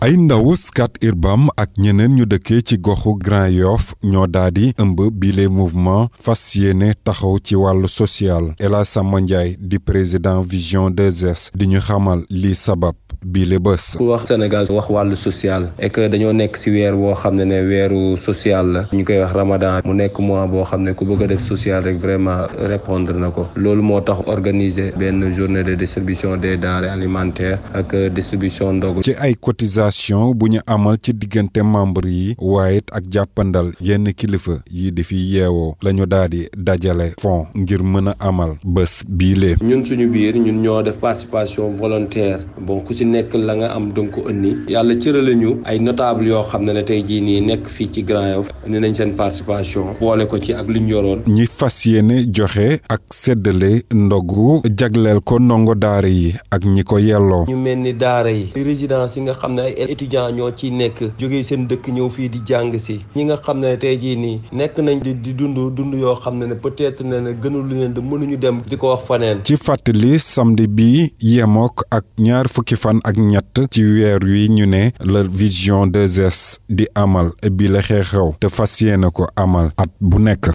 ay ndaw Scat Urbam ak ñeneen ñu dëkkee ci goxu Grand Yoff ñoo daal di ëmb bile mouvement fas yéene taxaw ci wàllu social El Hadj Samba Ndiaye di président Vision 2S di ñu xamal li sabab bii la bés. ku wax Sénégal wax wàllu social et dañoo nekk si weer boo xam ne ne weeru social la ñu koy wax Ramadan mu nekk mois boo xam ne ku bëgg def social rek vraiment répondre na ko loolu moo tax organiser benn journée de distribution des denrées alimentaires ak euh, distribution ndogu. ci ay cotisation bu ñu amal ci diggante membre yi waaye ak jàppandal yenn kilifa yi di fi yeewoo lañu ñu daal di dajale fonds ngir mën a amal bés bii la. ñun suñu biir ñun ñoo def participation volontaire nekk la nga am danga ko ënni yàlla cërale ñu ay notable yoo xam ne ne tey jii nii nekk fii ci Grand Yoff nañ seen participation boole ko ci ak lu ñu yoroon ñi fas yéene joxe ak séddale ndogu jagleel ko ndongo daara yi ak ñi ko yelloo ñu mel ni daara yi résidence yi nga xam ne ay étudiants ñoo ciy nekk jógee seen dëkk ñëw fii di jàng si ñi nga xam ne tey jii nii nekk nañ di di dund dund yoo xam ne ne peut-être ne ne gënul leen de mënuñu dem di ko wax faneen ci fàttali samedi bi yemook ak ñaar fukki ak ñett ci weer wi ñu ne la vision 2S di amal bi la xew te fas yéene ko amal at bu nekk.